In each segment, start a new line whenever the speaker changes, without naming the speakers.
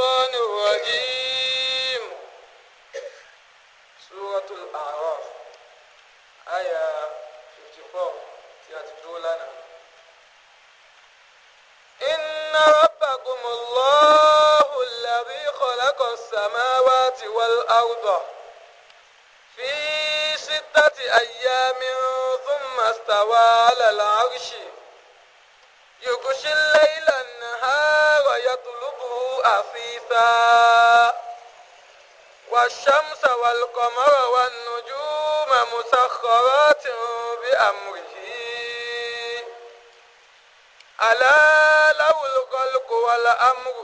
الشيطان الرجيم الأمر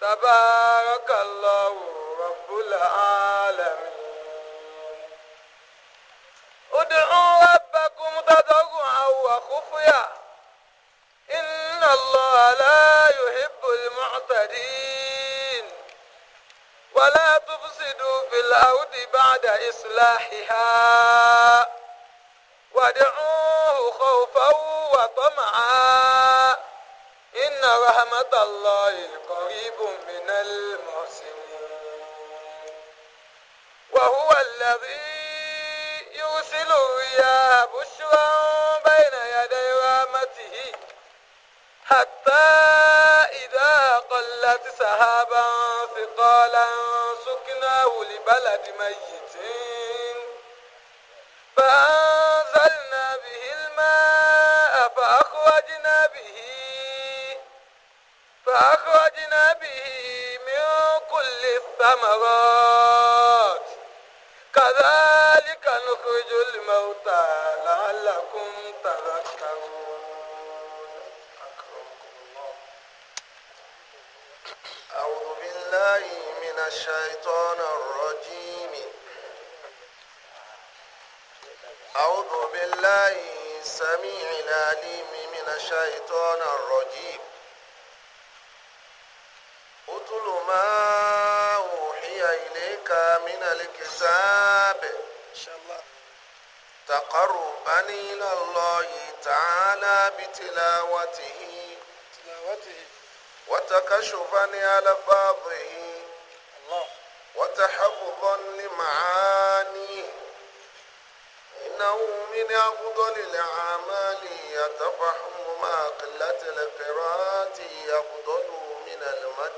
تبارك الله رب العالمين ادعوا ربكم تضرعا وخفيا إن الله لا يحب المعتدين ولا تفسدوا في الأرض بعد إصلاحها وادعوا رحمة الله قريب من المحسنين وهو الذي يرسل الرياح بشرا بين يدي رحمته حتى إذا قلت سحابا ثقالا سكناه لبلد ميت فأنت السماوات كذلك نخرج الموتى لعلكم تذكرون أعوذ بالله من الشيطان الرجيم أعوذ بالله السميع العليم من الشيطان الرجيم أتلو ما إليك من الكتاب إن شاء الله تقربا إلى الله تعالى بتلاوته تلاوته وتكشفا لألفاظه الله وتحفظا لمعانيه إنه من أفضل الأعمال يتفحم ما قلة القراءة يفضل من المد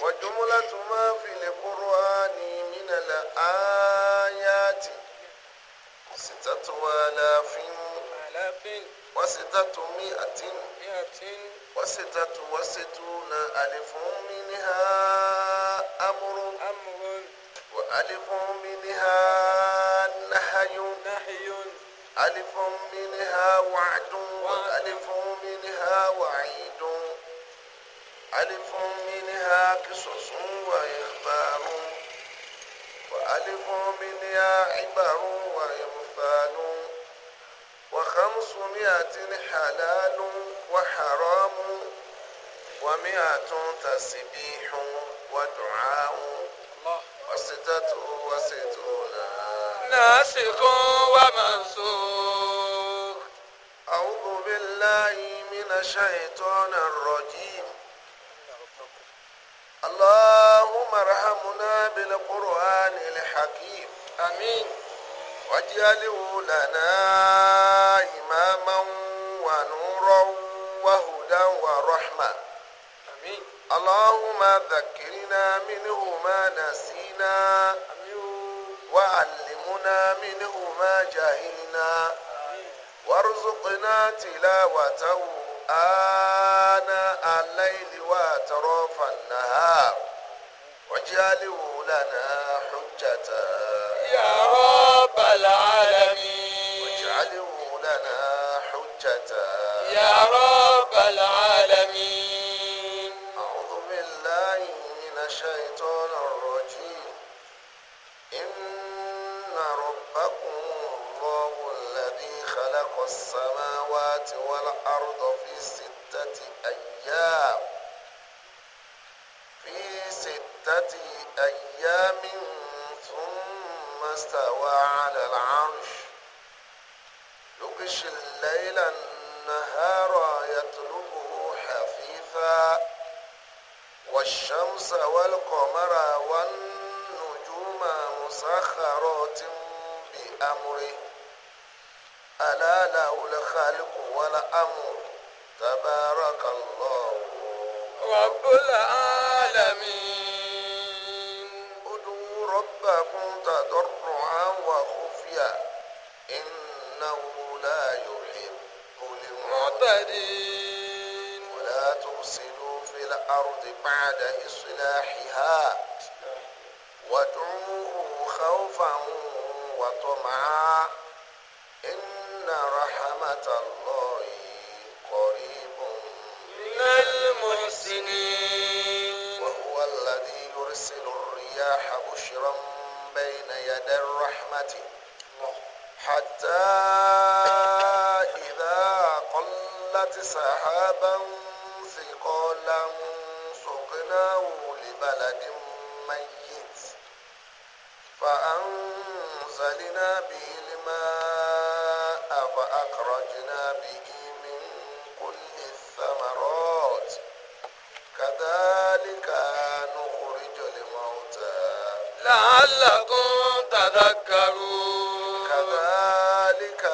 وجملة ما في القرآن من الآيات ستة آلاف وستة مئة وستة وستون ألف منها أمر وألف منها نهي ألف منها وعد وألف منها وعيد ألف منها قصص وإخبار وألف منها عبر وإمثال وخمسمائة حلال وحرام ومائة تسبيح ودعاء وستة وستون ناسخ ومنسوخ أعوذ بالله من الشيطان الرجيم اللهم ارحمنا بالقرآن الحكيم آمين واجعله لنا إماما ونورا وهدى ورحمة آمين اللهم ذكرنا منه ما نسينا آمين. وعلمنا منه ما جهلنا وارزقنا تلاوته آناء الليل وأطراف النهار واجعله لنا حجة يا رب العالمين واجعله لنا حجة يا رب العالمين أعوذ بالله من الشيطان الرجيم إن ربكم الله الذي خلق السماوات أيام ثم استوى على العرش يغشي الليل النهار يطلبه حفيفا والشمس والقمر والنجوم مسخرات بأمره ألا له الخلق والأمر تبارك الله رب العالمين ربكم تضرعا وخفيا إنه لا يحب المعتدين ولا تفسدوا في الأرض بعد إصلاحها وادعوه خوفا وطمعا إن رحمة الله قريب من المحسنين وهو الذي يرسل الرسل الرياح بشرا بين يدي الرحمة حتى إذا قلت سحابا لعلكم تذكرون كذلك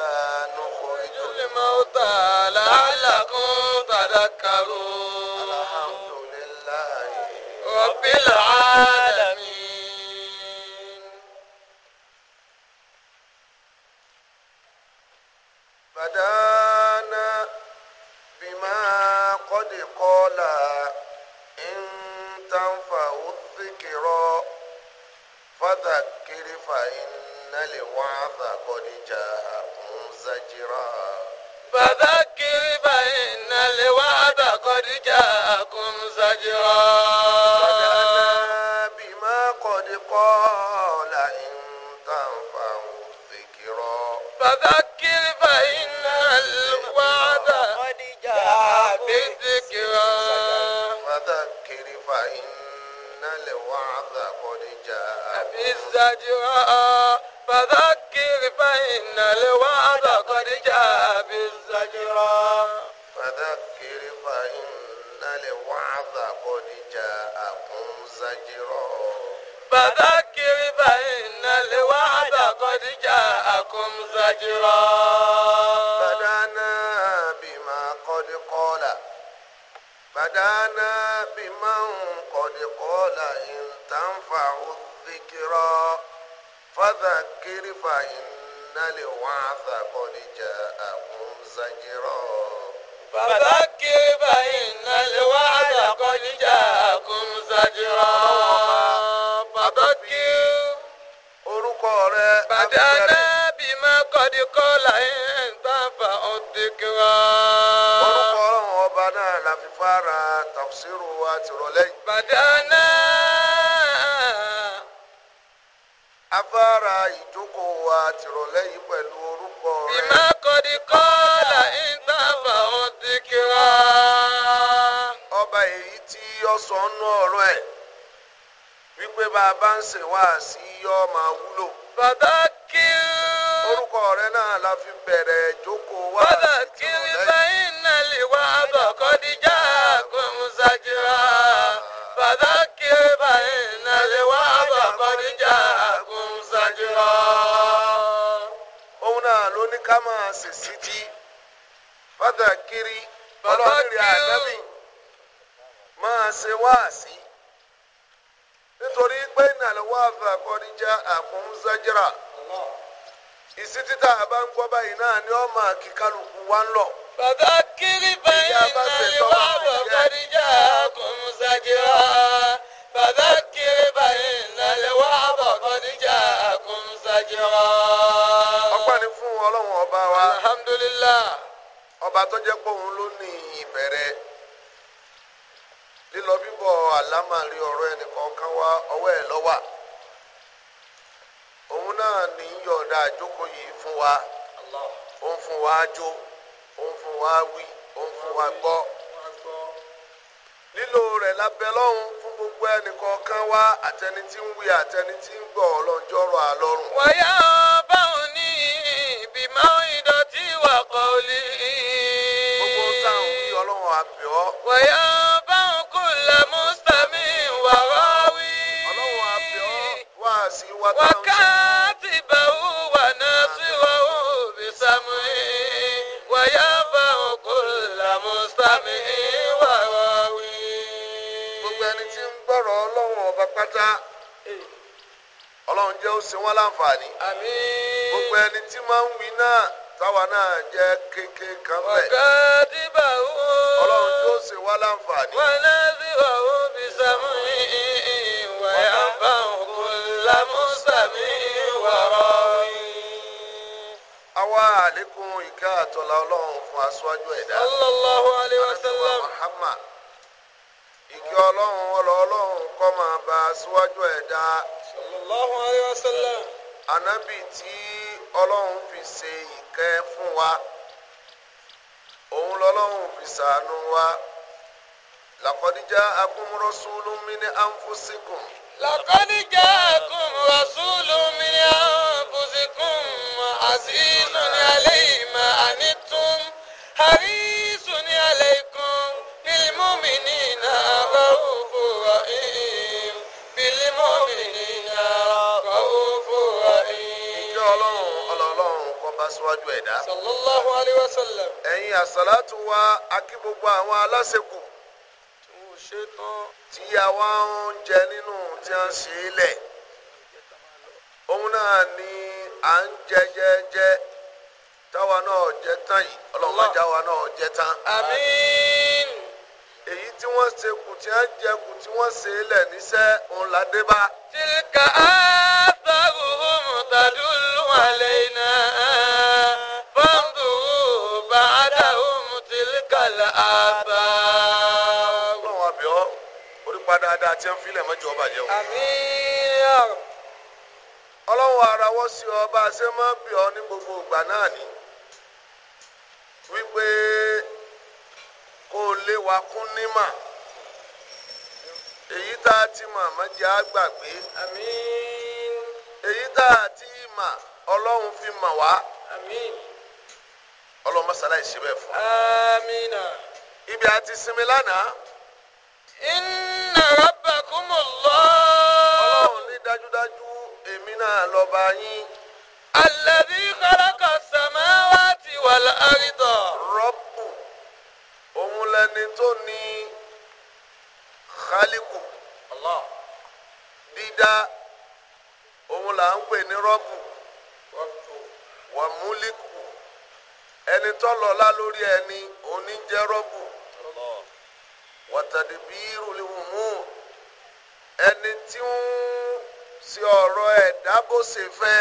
نخرج الموتى لعلكم تذكرون الحمد لله رب العالمين الذكر فإن الوعظ قد جاءكم زجرا فذكر فإن الوعظ قد جاءكم زجرا النجوى فذكر فإن الوعد قد جاء بالزجرى فذكر فإن الوعد قد جاءكم زجرا فذكر فإن الوعد قد جاءكم زجرا بدانا بما قد قال بدانا بما قد قال إن nacionales sọ nú ọrụ ẹ wípé bá a bá ń ṣe wáàsí yọ wúlò. bàbá orúkọ rẹ náà la fi bẹ̀rẹ̀ jókòó wá. bàbá kí n bá iná lè wá bọ̀kọ́ díjà bàbá máa ṣe wáàsí nítorí pé nàlẹ́wọ́ àfàkọ́nijá àkúnzájìrà ìsítítà bá ń gbọ́ báyìí náà ni ó máa kí kálukú wá ń lọ. bàbá kiri báyìí nàlẹ́wọ́ àfàkọ́nijá àkúnzájìrà bàbá kiri báyìí nàlẹ́wọ́ àfàkọ́nijá àkúnzájìrà. ọpẹ́ ni fún ọlọ́run ọba wa. Alhamdulilayi. ọba tó jẹ́ pé òun ló ní ìbẹ̀rẹ̀. lílọ bíbọ̀ àlámàrí ọ̀rọ̀ ẹnìkọ̀ọ̀kan wá ọwọ́ ẹ̀ lọ́wà òun náà ní yọ̀ọ̀dà àjókòó yìí fún wa òun fún wa jó òun fún wa wí òun fún wa gbọ́ lílo rẹ̀ lábẹ́ lọ́hùn fún gbogbo ẹnìkọ̀ọ̀kan wá àtẹni tí ń wí àtẹni tí ń gbọ́ ọlọ́njọ́rọ̀ àlọ́run. wáyà báwọn ní ìbímọ ìdọ̀tí wà kọ́ọ̀lì. gbogbo táwọn wí ọlọ́run àbẹ̀ọ́. wáyà bá kulla mustami wa rawi. ọlọ́run àbẹ̀ ọ́ wá sí wa táwọn. wákàtí bàwù wà náà sí wa ó bí sàmù yìí wà yá bá kulla mustami wa jẹ́ ó ṣe gbogbo ẹni tí máa ń wí náà táwa náà jẹ́ kéńkéń kan bẹ̀. ọ̀gá dìbà ó. ọlọ́run yóò ṣe wá láǹfààní. wọn náà sì wà ó bí sàmú ìwà yàmbá kò lámú sàmí ìwà rọ. àwa àlékún ìkẹ́ àtọ̀là ọlọ́run fún aṣáájú ẹ̀dá. sallallahu alaihi wasallam. Muhammad ìkẹ́ ọlọ́run ọlọ́run kọ́ máa bá aṣáájú ẹ̀dá. sallallahu alaihi wasallam. ànábì tí ọlọ́run fi ṣe ìkẹ́ fún wa òun lọ́lọ́run fi ṣàánú wa làkọ́díjà akúmúrọ́sùlù mi ní àǹfọ̀síkùn. làkọ́díjà akúmúrọ́sùlù mi ní àǹfọ̀síkùn àzìzùn ní alẹ́ ìmọ̀ ànítún aṣáájú ẹ̀dá. sallallahu alayhi wa sallam. ẹ̀yin àṣàlátù wa akí gbogbo àwọn aláṣẹ́kù tí wọ́n ṣe ń jẹ nínú tí wọ́n ṣe é lẹ̀. òun náà ni à ń jẹ jẹ táwa náà jẹ tán yìí ọlọ́run bá jáwa náà jẹ tán. àmín. èyí tí wọ́n ṣe kù tí wọ́n jẹ kù tí wọ́n ṣe é lẹ̀ níṣẹ́ òun là dé bá. tilka àbáwò mọ̀tàdúrà. pa dáadáa tí ń filẹ̀ mọ́jọ́ bàjẹ́ o. àmín ọlọ́run arawọ́ sí ọ bá máa ń bì ọ ní gbogbo ìgbà náà ni wípé kó o lé wa kún nímà èyí tá a ti mọ̀ mọ́jà á gbàgbé. àmín èyí tá a ti mà ọlọ́run fi mà wá. àmín ọlọ́run mọ́sálá ìṣe bẹ́ẹ̀ fún. àmín. ibi àti sinmi lánàá. inna rabbakumullah. ọlọ́run ní dájúdájú èmi náà lọ́ba yín. alladhi khalaqa samawati wal arida. rọ́pù òun lẹni tó ní khaliku dídá òun là ń pè ní rọ́pù wàmúlíkù ẹni tó lọ́lá lórí ẹni òun ní jẹ́ rọ́pù wàtàdìbírù lìwùmù ẹni tí ń ṣe ọ̀rọ̀ ẹ̀dá bó ṣe fẹ́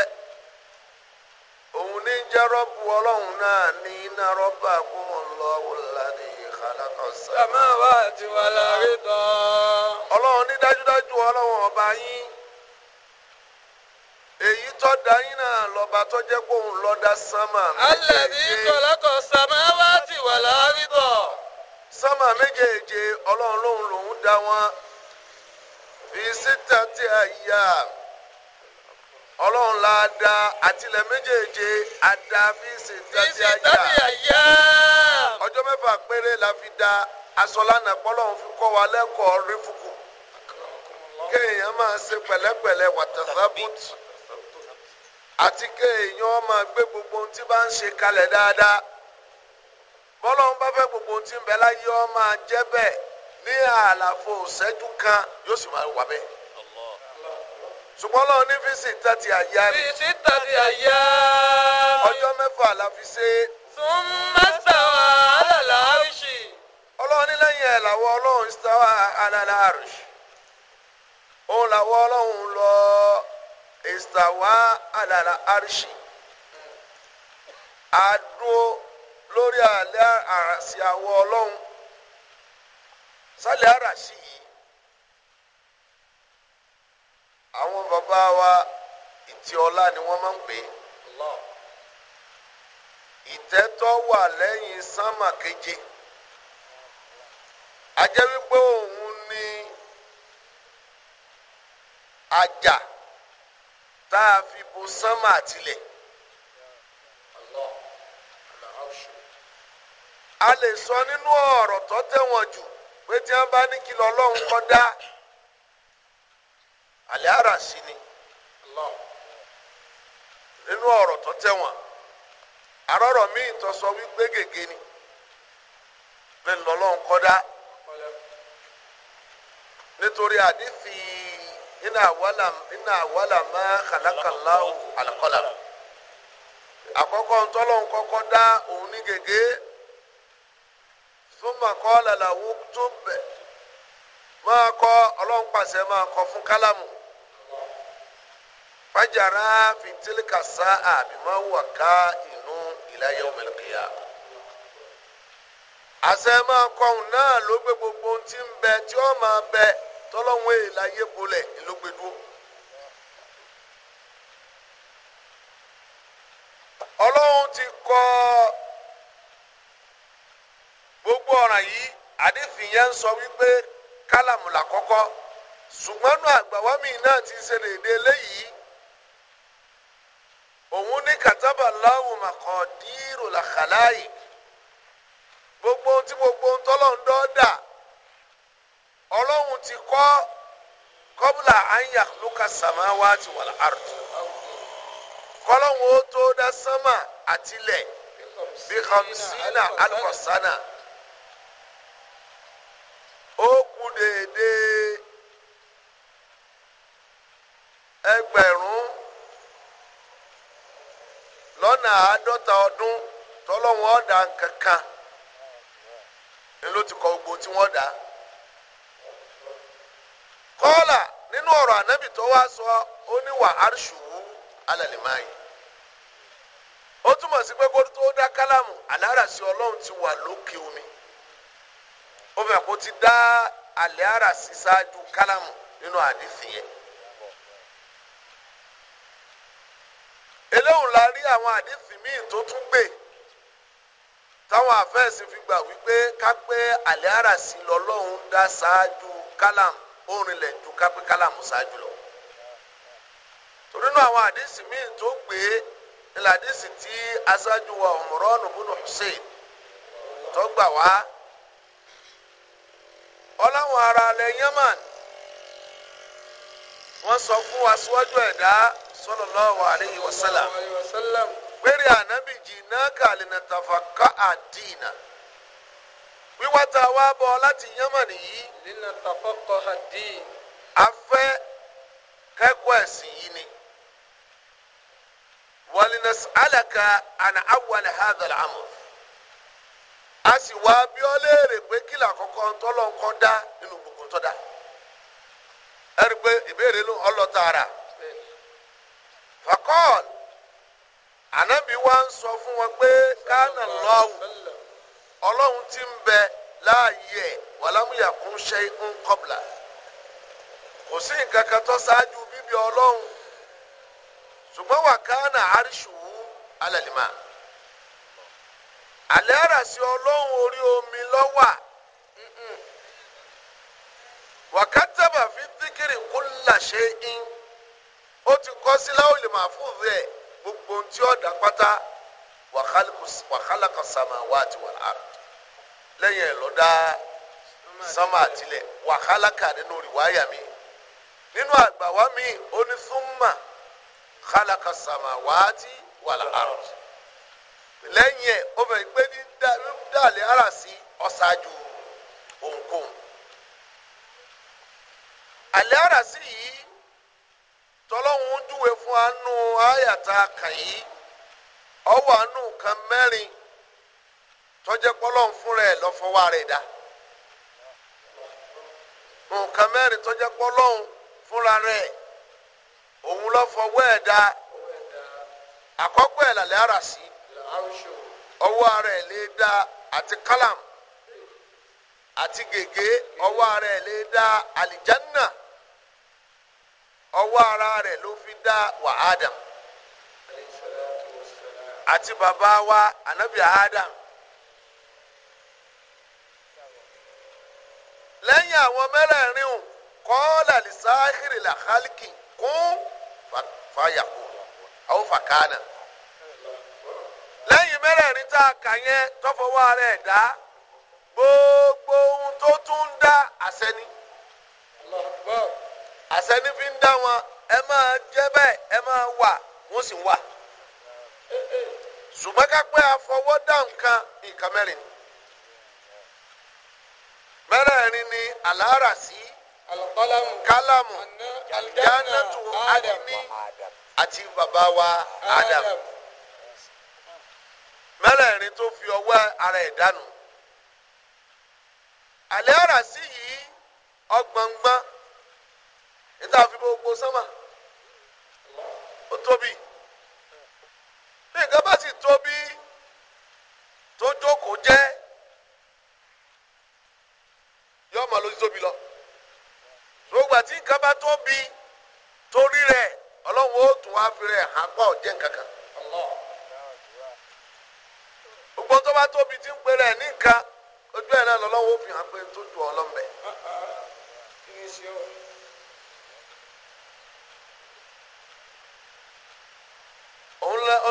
òun ní jẹ́rọ́bù ọlọ́run náà ní iná rọ́bà kúmọ̀lọ́wọ́ ládì ìkàlákọ̀ sáà. sàmà wà wà láàrin tán. ọlọ́run ní dájúdájú ọlọ́run ọba yín èyí tó dá yín náà lọ́ba tó jẹ́ pé òun sánmà. alẹ́ ní kọ̀lákọ̀ sàmà wà ti wà láàrin tán sámà méjèèje ọlọ́run lòun lòun dá wọn fi síta tí a yà ọlọ́run la dá àtìlẹ̀ méjèèje àdá fi síta tí a yà ọjọ́ mẹ́fà péré la fi dá aṣọ lánàá pọ́lọ́run fi kọ́ wa lẹ́kọ̀ọ́ rífukù kéèyàn máa ṣe pẹ̀lẹ́pẹ̀lẹ́ wàtàsábùt àti kéèyàn máa gbé gbogbo ohun tí bá ń ṣe kalẹ̀ dáadáa bọ́lọ́run bá fẹ́ gbogbo tí ń bẹ láyé ọ máa jẹ́ bẹ́ẹ̀ ní àlàfo ìṣẹ́jú kan yóò sì máa wà bẹ́ẹ̀. ṣùgbọ́n lọ́wọ́ ní fíìsì tàti àyà rẹ̀. fíìsì tàti àyà. ọjọ́ mẹ́fà la fi ṣe. tún mẹ́sàwá àlàlà àrùsì. ọlọ́run ní lẹ́yìn ẹ̀ làwọn ọlọ́run sáwà àlàlà àrùsì. òun làwọn ọlọ́run lọ ìsàwá àlàlà àrùsì. àdó. lórí àlẹ́ àràsì àwọ̀ ọlọ́run sálẹ̀ àràsì yìí àwọn bàbá wa ìtì ọlá ni wọ́n máa ń pè ìtẹ́tọ́ wà lẹ́yìn sánmà keje ajẹ́ wípé òun ni àjà tá a fi bu sánmà tilẹ̀. a lè sọ nínú ọ̀rọ̀ tó tẹ̀wọ̀n jù pé tí wọ́n bá ní kí lọ lọ́hùn kọ́dá àlẹ́ ara sí ni nínú ọ̀rọ̀ tó tẹ̀wọ̀n àrọ́rọ̀ míì tó sọ wípé gègé ni pé lọ lọ́hùn kọ́dá nítorí àdífi iná àwàlà iná àwàlà máa kàlákàlá alqalam àkọ́kọ́ ntọ́lọ́hùn kọ́kọ́ dá òun ní gègé. Tuma kọ́ làlàwó tó bẹ̀ máa kọ́ ọlọ́run pàṣẹ máa kọ́ fún kálámù fajara fitilika sa'a bima wa ka inu ila yawmil qiyamah àṣẹ máa kọhùn náà ló gbé gbogbo ohun tí ń bẹ tí ó máa bẹ tọ́lọ́hún èèláyé bolẹ̀ ló gbé ti kọ. ọ. ọ̀ràn yìí àdéfì yẹn ń sọ wípé kálàmù làkọ́kọ́ ṣùgbọ́n nù àgbàwámì náà ti ṣe lè dé eléyìí òun ní kàtàbà láwùn màkàndírò làkàláyì gbogbo ohun tí gbogbo ohun tọ́lọ́hún dọ́ọ́dà ọlọ́hun ti kọ́ kọ́bùlà ànyà lóka sàmáwá ti wà láàrùtù kọ́lọ́hún ó tó dá sánmà àtilẹ̀ bí kọ́mísínà alùpàṣánà. àádọ́ta ọdún tọ́lọ́wọ́n ọ̀dà kankan ni ló ti kọ gbogbo tí wọ́n dà kọ́ọ̀là nínú ọ̀rọ̀ ànábì tó wá sọ ó ní wà arṣùwù alàlẹ́ ó túmọ̀ sí pé kó tó dá kálámù aláràsí ọlọ́run ti wà lókè omi ó fẹ́ kó ti dá alẹ́ àràsí ṣáájú kálámù nínú àdìsí yẹn. àwọn àdìsí míì tó tún to táwọn àfẹ́sìn fi gbà wípé ká pé àlẹ́ àràsí lọ́lọ́run dá ṣáájú kálàmù orin lẹ̀ ju ká pé kálàmù ṣáájú lọ. torí náà àwọn àdìsí míì tó gbé ilẹ̀ àdìsí tí aṣáájú wa Umran ibn Hussein tó gbà wá ọláwọn ará alẹ́ Yemen wọ́n sọ fún aṣíwájú ẹ̀dá. sallallahu alayhi wa sallam péré ànábì jìnnà kàlínà tàfàkà àdínà wíwá tá wá bọ̀ láti yánmà nìyí. nínú àdín. a kẹ́kọ̀ọ́ ẹ̀sìn yìí ni. wàlínàs alaka àná awàlẹ̀ hàdàlẹ̀ àmọ̀. a sì wá bí ọ léèrè pé kí kọ́kọ́ tọ́lọ́ kọ́ dá nínú gbogbo dá. ẹ rí fakọ́ọ̀lù Anabiwa nsọ fún wọn pé kánà lọ́wọ́ ọlọ́run ti ń bẹ láàyè ẹ̀ wàlámùyà kún ṣe ń kọ́bla kò sí nǹkan kan tó ṣáájú bíbí ọlọ́run ṣùgbọ́n wà kánà àríṣùwù alàlìmá àlẹ́ àràsí ọlọ́run orí omi lọ́wà wàkátàbà fi dìkìrì kúlà ṣe ń. ó ti kọ́ sí láwùlì mahfuz ẹ̀ gbogbo ohun tí ó dá pátá wa khalaqa samawati wal ard lẹ́yìn ẹ̀ ló dá sánmà àtìlẹ̀ wa khalaqa nínú rìwáyà mi nínú àgbàwá mi ó ní thumma khalaqa samawati wal ard lẹ́yìn ẹ̀ ó fẹ́ gbé ní dàlẹ́ ara sí ọ̀ṣájú ohunkóhun àlẹ́ ara sí yìí. tọlọwụ júwe fún anú àyàtà kàyí ọwọ́ anú kan mẹ́rin tọ́jẹ́ pọ́lọ́hún fún rẹ̀ lọ́fọwọ́ rẹ dá nǹkan mẹ́rin tọ́jẹ́ pọ́lọ́hún fúnra rẹ̀ òun lọ́fọwọ́ ẹ̀ dá àkọ́kọ́ ẹ̀ làlẹ́ ara sí ọwọ́ ara dá àti àti gègé ọwọ́ ọwọ́ ara rẹ̀ ló fi dá wa Adam àti bàbá wa anabi Adam lẹ́yìn àwọn mẹ́rẹ̀ẹ̀rin o kọ́ọ́lá lisahiri la halki kún fàyàkó àwọn fàkánà lẹ́yìn mẹ́rẹ̀ẹ̀rin tá a kà yẹn tọ́fọwọ́ ara ẹ̀ dá gbogbo ohun tó tún dá àṣẹ ni. Allah, Allah. àṣẹ fi ń wọn ẹ ma jẹ́ bẹ́ẹ̀ ẹ ma wà wọ́n si wà ṣùgbọ́n ká kan àfọwọ́dá nǹkan nǹkan mẹ́rin ni mẹ́rẹ̀ẹ̀rin ni àlárasí kálámù jánàtù ádámù ati bàbá wa ádámù mẹ́rẹ̀ẹ̀rin tó fi ọwọ́ ara ẹ̀ danu. àlárasí yi ọgbọ̀ngbọ́n. níta fi bó gbó sánmà ó tóbi bí nǹkan bá sì tóbi tobi jókòó jẹ́ yóò nka lójú tóbi lọ ṣùgbọ́n tí nǹkan bá tóbi torí rẹ̀ ọlọ́run ó tún wá fi rẹ̀ hàn pọ̀ jẹ́ nǹkan kan gbogbo tó bá tóbi tí ń pe rẹ̀ ní nǹkan ojú ẹ̀ náà lọ́wọ́ ó fi hàn pé tó ju ọlọ́mbẹ.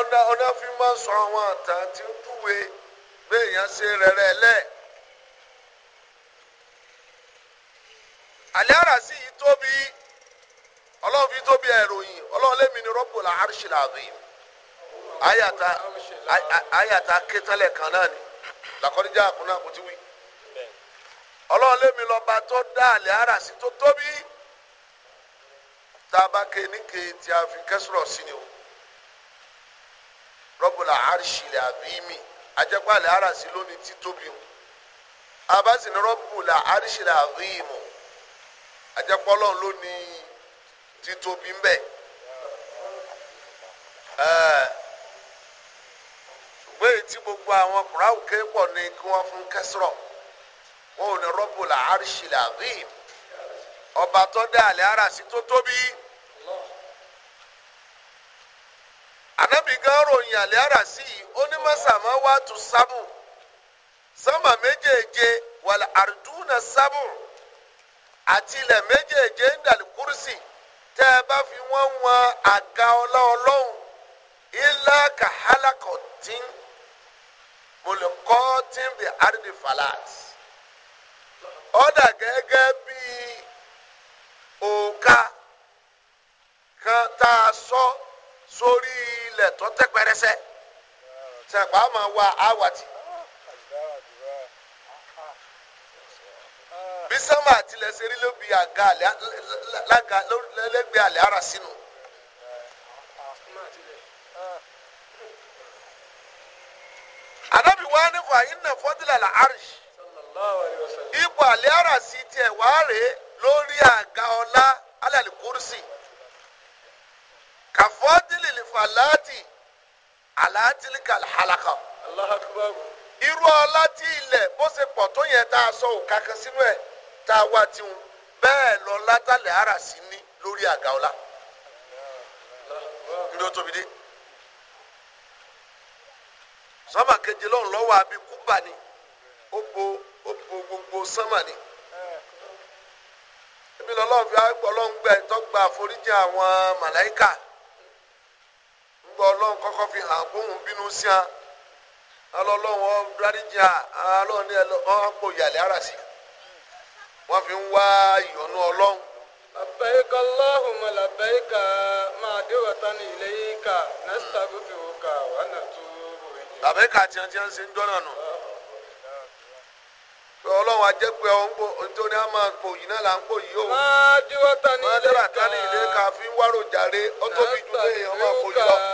ọ̀dà ọ̀dà fi máa ń sọ àwọn àtà tí ń dùwẹ̀ bẹ́ẹ̀ yẹn ṣe rẹ̀rẹ̀ lẹ̀. àlẹ́ àràsí yìí tóbi ọlọ́run fi tóbi ẹ̀ròyìn ọlọ́run lẹ́mi ni Rabbul Arshil Azim ayata ayata kétalẹ̀ kan náà ni lakọ́nijà àkúnná kò ti wí. ọlọ́run lẹ́mi lọ́ba tó dá àlẹ́ àràsí tó tóbi tá a bá ké ní ké tí a fi kẹ́sùrọ̀ sí ni o rọ́bùlà àrṣìlẹ̀ àbímì àjẹpàlẹ̀ àràsí lónìí títóbi mu abasi ni rọ́bùlà àrṣìlẹ̀ àbímù àjẹpọ̀lọ́ lónìí títóbi ń bẹ̀ ṣùgbọ́n èyí tí gbogbo àwọn kùráwù kéèpọ̀ ni kí wọ́n fún kẹsìrọ̀ wọn ò ní rọ́bùlà àrṣìlẹ̀ àbímù ọba tó dá àlẹ́ àràsí tó tóbi. anabi gan ròyìn àlẹ́ ara sí i ó ní mọ́sàmá wá tu sámù sánmà méjèèje wàlẹ̀ àrùdúnà sámù àti ilẹ̀ méjèèje ń dàlí kúrúsì tẹ́ ẹ bá fi wọ́n wọn àga ọlá ọlọ́run ilá kàhálàkọ̀ tí mọ̀lẹ́kọ́ tí ń bẹ falat ọ̀dà gẹ́gẹ́ bí òǹkà kan tá a sọ sórí. So, ilẹ̀ tó tẹ́ pẹrẹsẹ sẹ̀pá máa wá àwàtì. bí sánmà àtìlẹ̀ ṣe rí lóbi àga àlẹ́ lága lẹ́gbẹ̀ẹ́ àlẹ́ ara sínú. anabi wa ni fa inna fọdùlà la arish ipò àlẹ́ ara sí tiẹ̀ wàá rèé lórí àga ọlá alẹ́ àlẹ́ kúrúsì kàfọ́dìlì fàlàtì àlàtìlì kàlàkà. irú ọlá tí ilẹ̀ bó ṣe pọ̀ tó yẹ tá a sọ òkà kan sínú ẹ̀ tá a wá tiwọn bẹ́ẹ̀ lọ látàlẹ̀ ara sí ní lórí àga ọlá. ilé o tóbi dé. sọ́mà keje lọ́hùn lọ́wọ́ àbí kúbà ni ó bo ó bo gbogbo sọ́mà ni ebi lọ́lọ́run fi ọlọ́run gbẹ tó àforíjì àwọn màláìka gbọ́ ọlọ́run kọ́kọ́ fi hàn kóhùn bínú sí a alọ́lọ́run ọ dáríjì à alọ́run ní ọ pò yàlẹ́ ara sí wọ́n fi ń wá ọlọ́run. labbaika Allahumma labbaika máa dé ní ilé yìí nẹ́sítà gbòkè wò kà nà tó ń ń ọlọ́run a máa náà là o. máa ní ilé fi ń wárò jàre tóbi lé ọmọ lọ.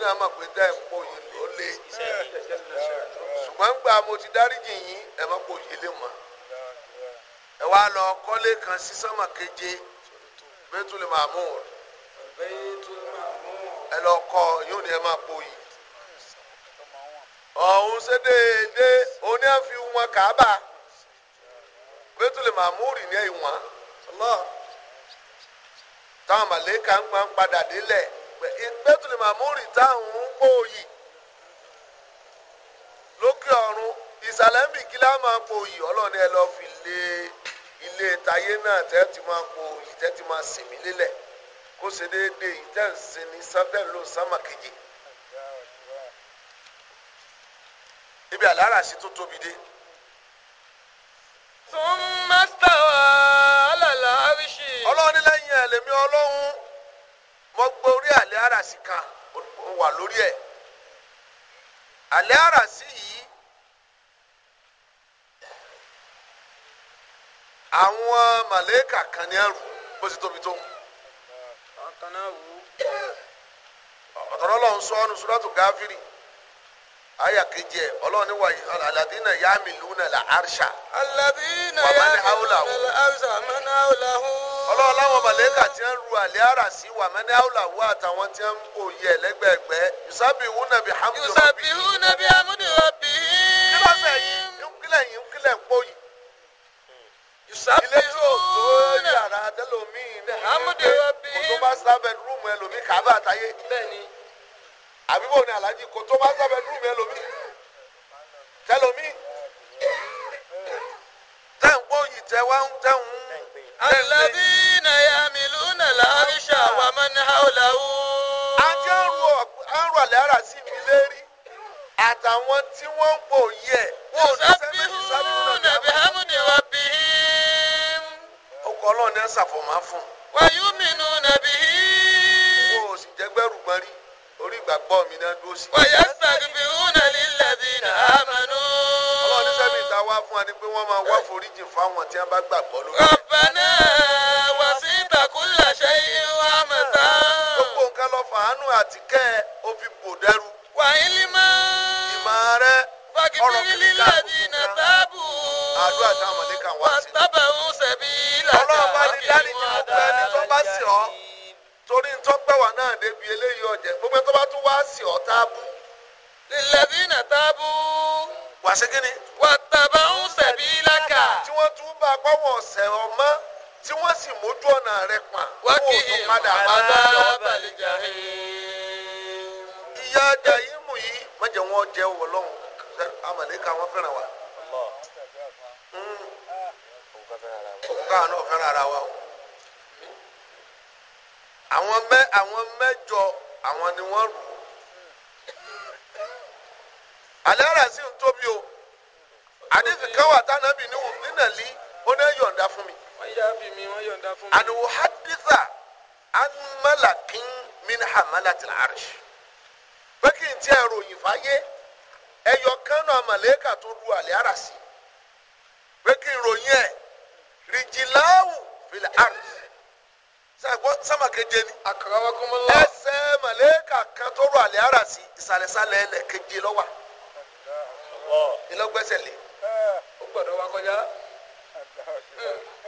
èmi náà mọ̀ pé dá ẹ̀pọ̀ yìí ló lé ṣùgbọ́n gbà mo ti dáríjì yín ẹ̀ mọ̀ pé òye lè mọ̀ ẹ̀ wá lọ kọ́lé kan sí sánmà keje Baitul Ma'mur ẹ̀ lọ kọ́ yóò ní ẹ̀ máa pò yìí ọ̀hún ṣe déédé oní àfi wọn kàábà Baitul Ma'mur ní ìwọ̀n táwọn màlẹ́kà ń pa ń padà délẹ̀ bẹ́tùlì màmúrì táwọn ń pòòyì lókè ọ̀run ìsàlẹ̀ ń bì kí lá máa pòòyì ọlọ́ọ̀ni ẹ lọ fi lé ilé tayé náà tẹ́ ti máa pòòyì tẹ́ ti máa sèmí lélẹ̀ kó ṣe déédéé yìí tẹ́ ń sinmi sábẹ́ ló sámà kejì. ibi àlàárà sí tó tóbi dé. sùn mẹ́tà wà á lálàá lẹ́yìn ẹ̀ lèmi ọlọ́run àlẹ́àràsí kan ó wà lórí ẹ̀ àlẹ́àràsí yìí àwọn màlẹ́kà kan ní ẹrù bó ti tóbi tó. ọ̀tọ̀rọ̀ lọ́n sọ ọ́nù sùràtù gáfírì aya keje ọlọ́ọ̀ni wa aladina yamiluna la arsha. aladina yamiluna la arsha mana awulahu ọlọ́run láwọn mọ̀lẹ́kà tí ń ru àlẹ́ ara sí wà mẹ́ni àwòlàwọ̀ àtàwọn tí ń bò yẹ lẹ́gbẹ̀ẹ́gbẹ́ yusabihuna bi hamdi rabbi. yusabihuna bi hamdi rabbi. kí ló fẹ́ yìí nkílẹ̀ yìí nkílẹ̀ ń pọ̀ yìí. ilé tí o tó yàrá tẹlomiin ní hamdi rabbi. kò tó bá sábẹ̀ rúùmù ẹlòmíì kàbá àtàyè. bẹ́ẹ̀ni. àbíbò ni alhaji kò tó bá sábẹ̀ rúùmù ẹlòmíì tẹlomiin. tẹ̀ ń pọ̀ yìí tẹ wá ń tẹ̀ ń Àlàbí Nàyà Mìlú Nàlá Aisha wà máa ní Haúláwú. A jẹ́ àrùn àlẹ́ ara sí mi lérí àtàwọn tí wọ́n ń pò yí ẹ̀. Wọ́n sábí hù nàbí hámúdì wà bí i. Ọkọ̀ ọlọ́run ní ṣàfọ̀mọ́ fún. Wàyú mi nù nàbí i. Wọ́n ò sì jẹ́gbẹ́ rùgbọ́n rí orí ìgbàgbọ́ mi náà dúró sí. Wàyá sàgbé hù nàlí làbí nà á mà nù. Ọlọ́run ní sẹ́mi ìta wá fún wa ni pé wọ́n máa wá foríjì fáwọn tí wọ́n bá gbàgbọ́ lórí. Ọ̀bẹ náà wàsíta kúlẹ̀ ṣe ìwà mẹ́ta. gbogbo nǹkan lọ fàánù àti kẹ́ ẹ ó fi bò dẹ́rù. wà á ilé mọ́. ìmọ̀ rẹ ọ̀rọ̀ kìíní ká kúkú ká àdúrà táwọn ọmọdé kan wá sí. wàtábà ń sẹ̀bi ìlàjà ọlọ́run bá ní dárí ju gbogbo bá sì ọ́ wọ́n tún ọmọ tí wọ́n sì mójú ọ̀nà rẹ̀ pa kó o tún padà alábàlẹ̀ jahim. ìyà jahimu yìí má jẹ́ wọn jẹ́ wọ lọ́hùn amaleka wọn fẹ́ràn wa. òkúta náà fẹ́ràn ara wa o. àwọn mẹ́ àwọn mẹ́jọ àwọn ni wọ́n rù. o àdéhùn káwá mi. an uhaditha an malakin min hamalati al-arsh pé kí n tiẹ̀ ròyìn fáyé ẹyọ kánú àmàlẹ́kà tó ru àlẹ́ ara sí pé kí n ròyìn ẹ̀ rìjìláwù fìlẹ̀ arsh sàgbọ́ sàmàkeje ni ẹsẹ̀ màlẹ́kà kan tó ru àlẹ́ ara sí ìsàlẹ̀sàlẹ̀ ẹlẹ̀ keje lọ́wà ìlọgbẹ́sẹ̀ lé ó gbọ́dọ̀ wá kọjá. Hmm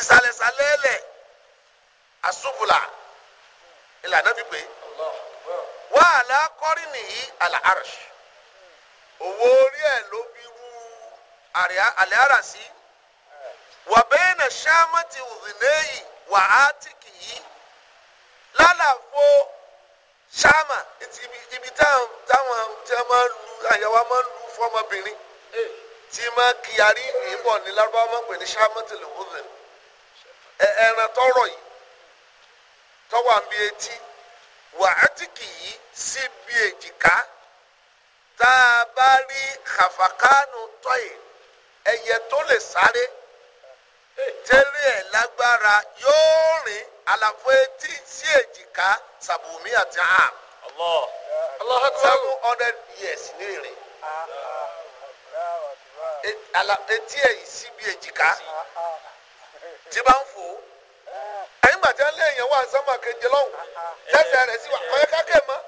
ìsàlẹ̀sàlẹ̀ lẹ̀ asubula ìlànà bí pé wàhálà kọ́rí nìyí àlà arash owó orí ẹ̀ ló bí wú àlẹ́ arasí wà bẹ́ẹ̀ nà sàmàtì òdìnnẹ́yì wà á ti kì í lálàfo sàmà ibi táwọn tí a máa ń lu àyàwó a máa ń lu fọmọbìnrin tí máa kíyarí ìbọn ní lárúbáwá máa ń pè ní sàmàtì òdìnnẹ́yì ẹran tọrọ yìí tọwọ àmì etí wà á ti kì í síbi èjìká tá a bá rí kàfàkánù tọ́yì ẹyẹ tó lè sáré tẹ́lẹ̀ ẹ̀ lágbára yóò rìn àlàfo etí sí èjìká sàbùmí àti àm. seven hundred years ní ìrìn e, etí ẹ̀yìn síbi èjìká. Si tí bá ń fò ó ẹ̀yìn gbàtí ẹ̀ ń lé èèyàn wá sánmà keje lọ́hùn tẹ́sẹ̀ rẹ̀ sí wa kọ́yẹ́ kákẹ́ mọ́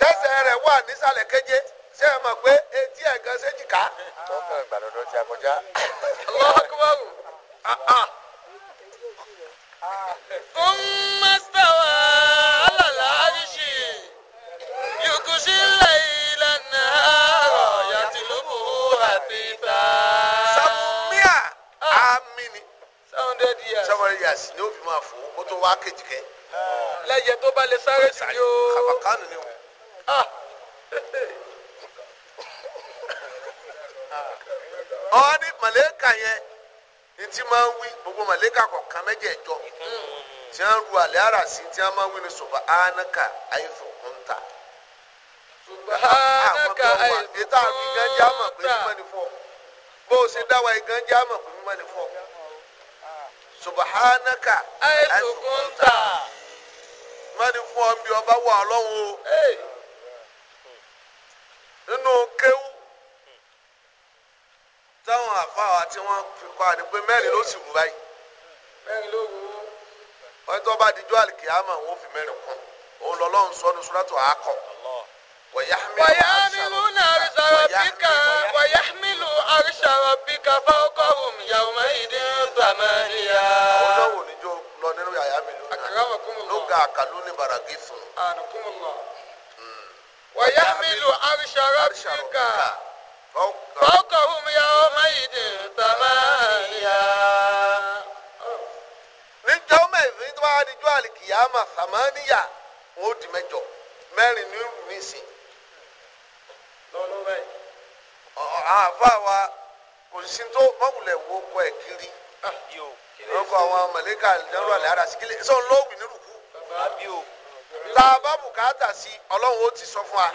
tẹ́sẹ̀ rẹ̀ wà nísàlẹ̀ keje ṣé ẹ mọ̀ pé etí ẹ̀ gan ṣe jìká. ọkàn ìgbàlódé ti akọjá. lọ́kùnrin. hundred yasi, ni o fi máa fò ó tó bá lè sáré sí ni o. Ah. ọ ní màlẹ́kà yẹn ní tí máa ń wí gbogbo tí wọ́n ru àlẹ́ ara si tí a ma ń wí ní subhanaka àìfọ̀ ń ta. subhanaka àìfọ̀ subhanaka ẹtukunta mẹ́ni fún ọ bí ọba wà ọlọ́run o nínú kéwú táwọn àfáwà tí wọ́n fi kọ́ àní pé mẹ́rin ló sì wù báyìí mẹ́rin ló wù ú wọ́n tó bá dijọ́ àlìkìyàmà wọ́n fi mẹ́rin kún òun lọ́lọ́run sọ́nu sùràtù àákọ́ wọ̀yá mílù àrùsà rọ̀bìkà wọ̀yá mílù àrùsà rọ̀bìkà ya fawqahum yawma idin thamaniya. àwọn náà wò níjó lọ nínú yàyà mi hmm. wa yahmilu arsha rabbika fawqahum yawma idin thamaniya. níjọ́ mẹ́rin tó bá dijọ́ àlìkìyàmà thamaniya wọn ó di mẹ́jọ mẹ́rin ní ìrù nísìn. lọ́lọ́ bẹ́ẹ̀. àfa wa. osisi sí tó wo kọ ẹ̀ kiri lọ́kọ̀ àwọn mọ̀lẹ́kà lẹ́rù àlẹ́ ara sí kílẹ̀ sọ lóògùn nírú kú babu a bùkátà sí ọlọ́run sọ fún wa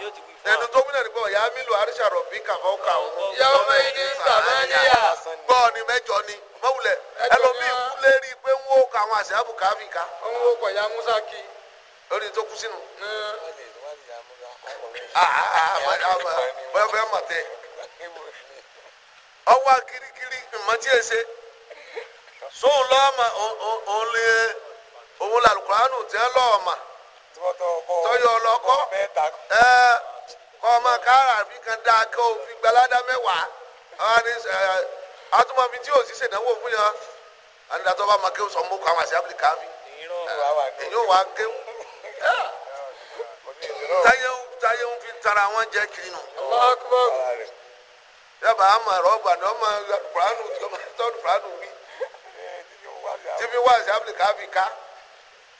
ẹnu tó gbìnà nípa ọ̀yá mílò àríṣà rọ̀bì kàfọ́ kà ó. yàwó ẹni sàmáyà gbọ́ ni mẹ́jọ ni mọ̀wùlẹ̀ ẹlòmíì kú lérí pé ń wó kọ àwọn ká. ń wó kọ ya musa kí. lórí tó kú sínú. bẹ́ẹ̀ mọ̀ tẹ́. ọwọ́ kirikiri ìmọ̀tí ẹ̀ṣẹ̀ sóun lọ́ọ̀mà òun lo kan o e, fi gbalada mẹ́wàá àtúmọ̀ e, mi tí o sì ṣèdánwò fún yàn àdìdàtọ̀ bá máa kéwù sọ mú kọ àwọn àṣẹ áfíríkà mi èyí ò wá kéwù táyé ń fi tara wọn jẹ dábàá àmà rọ́bà ní ọmọ fúlànù tí ọmọ tọ́dù fúlànù wí tí fi wá sí áfíríkà áfíríkà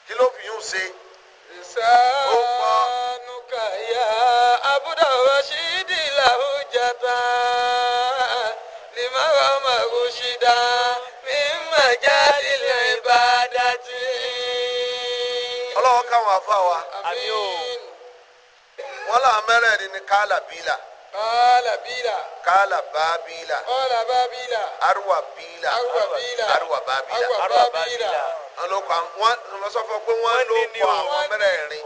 kí ló fi yún ṣe. ìsánú kàyà abúdá wa ṣì dì láwùjá tá lè má wà má kó ṣì dá mi má já ilẹ̀ ìbádàtì. ọlọ́wọ́ káwọn afọ wa. àmín o. wọ́n làwọn Kala bila. Kala babila. Kala babila. Arwa bila. Arwa bila. Arwa babila. Arwa babila. Ọlọ́kọ̀ àwọn wọ́n sọ fún pé wọ́n ló kọ àwọn mẹ́rẹ̀ẹ̀rin.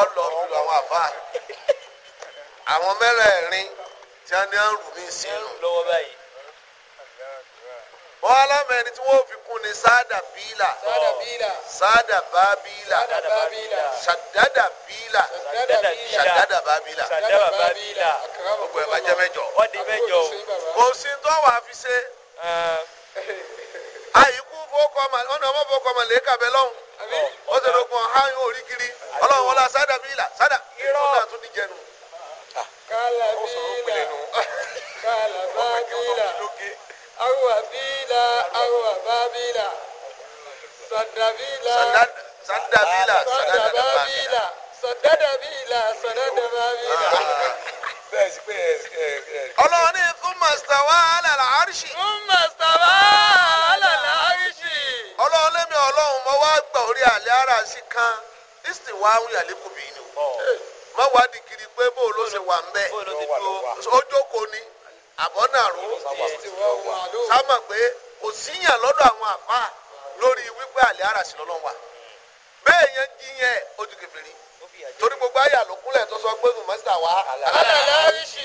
Ọlọ́ lu àwọn àbá. Àwọn mẹ́rẹ̀ẹ̀rin tí a ní à ń rù mí sínú. Lọ́wọ́ báyìí wọ́n alámọ̀ ẹni tí wọ́n fi kún ni sáàdà bíìlà sáàdà bábíìlà sàdádà bíìlà Bila. bábíìlà ọgbọ̀n ẹ̀ma jẹ́ mẹ́jọ. kò sí tó wàá fi ṣe àyíkú fọkọọmọ ọ̀nà ọmọ fọkọọmọ lẹ́ẹ̀ka bẹ́ẹ̀ lọ́hùn ó sì ló kún ọ̀hán yóò rí kiri ọlọ́run wọlé Sada Bila. Sada. irọ́ náà tún ní jẹnu. Ah. kálá bíìlà أروابيلا أروابابيلا سندبيلا سندبيلا سندبابيلا sọdọdọbìlà sọdọdọbàbìlà. ọlọ́run ní kún mọ̀sítàwá àlàlà àríṣì. kún mọ̀sítàwá àlàlà àríṣì. ọlọ́run lẹ́mi ọlọ́run mọ wá gbà orí àlẹ́ ara sí kan ìsìn wá ń yàlẹ́ kò bí ni. mọ wá di kiri pé bó ló ṣe wà ń bẹ́ẹ̀. ó jókòó ni àbọ̀nàró sámọ̀ pé kò síyàn lọ́dọ̀ àwọn àfa lórí wípé àlẹ́ àràsí lọ́lọ́run wà bẹ́ẹ̀ yẹn jiyàn ojú kẹfìrí torí gbogbo ayé àlòkúnlẹ̀ tó sọ pé mọ̀mọ́sítà wà alálàáṣì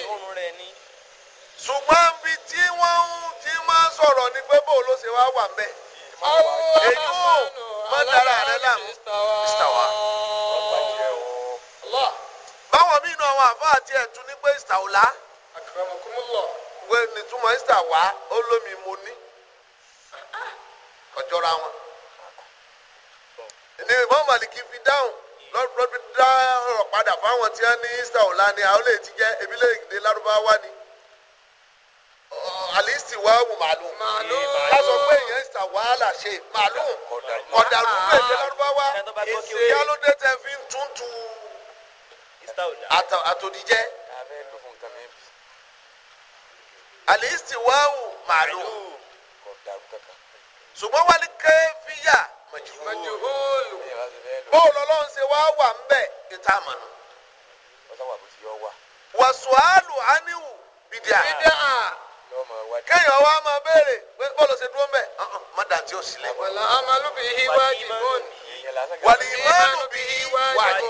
ṣùgbọ́n bí tí wọ́n ń tí wọ́n sọ̀rọ̀ ni pé bó ṣe wá wà mbẹ́ èyí ò má dára rẹ láàmú ìsìtàwá báwọn mí nu àwọn àfáà tiẹ̀ tún ní pé ìsìtàwó wé nítumọ̀ Esther wá ó lómi mo ní ọjọ́ra wọn. ní ìmọ̀ màlìkì fi dáhùn lọ́dún dá ọ̀rọ̀ padà fáwọn tí wọ́n ní Esther ọ̀la ni àwọn lè ti jẹ́ ebi lè dé lárúbáwá ni alisti wa wu màlúù lásọ pé èèyàn ìsà wàhálà ṣe màlúù ọ̀dàlú pé èdè lárúbáwá ìsèyálódé tẹ fi ń túntù àtòdìjẹ́ alistiwaawu ma'lum ṣùgbọ́n wali kayfiya majhul bóòlù ọlọ́run ṣe wá wà ń bẹ̀ ìta àmàlù. wàsùálù ánìwù bìdíà kéèyàn wá máa béèrè pé bóòlù ṣe dúró ń bẹ̀ uh-uh, má dàtí ò sílẹ̀. wàlí ìmánu bìí wájú.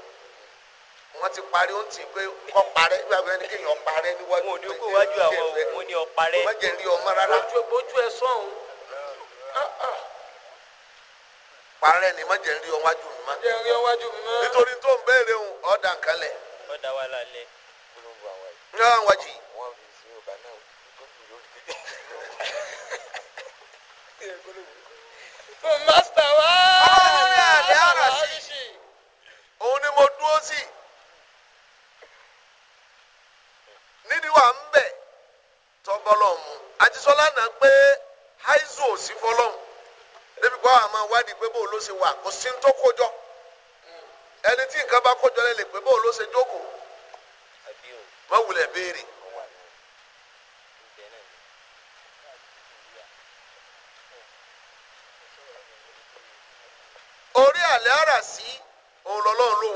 wọ́n ti parí ó ń tì pé kọ́ parẹ́ bí wàá fẹ́ ni kéèyàn parẹ́ níwájú wọn ò ní kó wájú àwọn ò ní ọparẹ́ wọ́n jẹ́ rí ọmọ rárá ojú ẹ sọ̀hún ah, ah. parẹ́ ni má jẹ́ rí ọwájú mi má. jẹ́ rí ọwájú mi má. nítorí tó ń béèrè ń ọ̀dà nǹkan lẹ̀. ọ̀dà wà lálẹ́. ní wọ́n wá jì. wọ́n fi sí ọba àlẹ́ àrà òun ni mo dúró sí. níbi wà ń bẹ̀ tọ́bọ́lọ́mù àti náà pé haizu ò sí fọlọ́mù débi kọ́ àmọ́ wádìí pé bóun ló ṣe wà kò sí ń tó kójọ ẹni tí nǹkan bá kójọ lè pé bóun ló ṣe jókòó wulẹ̀ béèrè. orí àlẹ́ àràsí òun lọ́lọ́run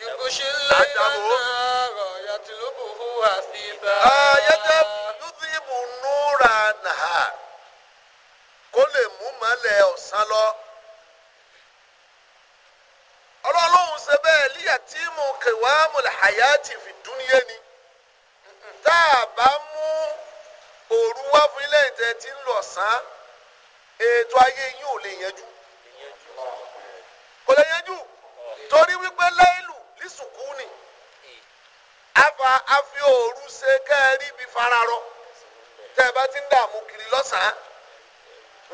يغشي ṣe النهار يطلبه حثيثا يذهب النور عنها kó lè mú mọ́lẹ̀ ọ̀sán lọ. ọlọ́run ṣe bẹ́ẹ̀ líyà tí mo kẹwà mọ̀lẹ́hàyà ti fi dúnìyẹ ni. tá a bá mú òru wá fún ilé ìtẹ́ tí ń lọ sàn ètò ayé yín ò torí wípé lẹ́yìn. bí sùkúùnì afi àfi òru ṣe kẹ́ẹ̀rí ibi fararọ tẹ́ ti ń dààmú kiri lọ́sàn-án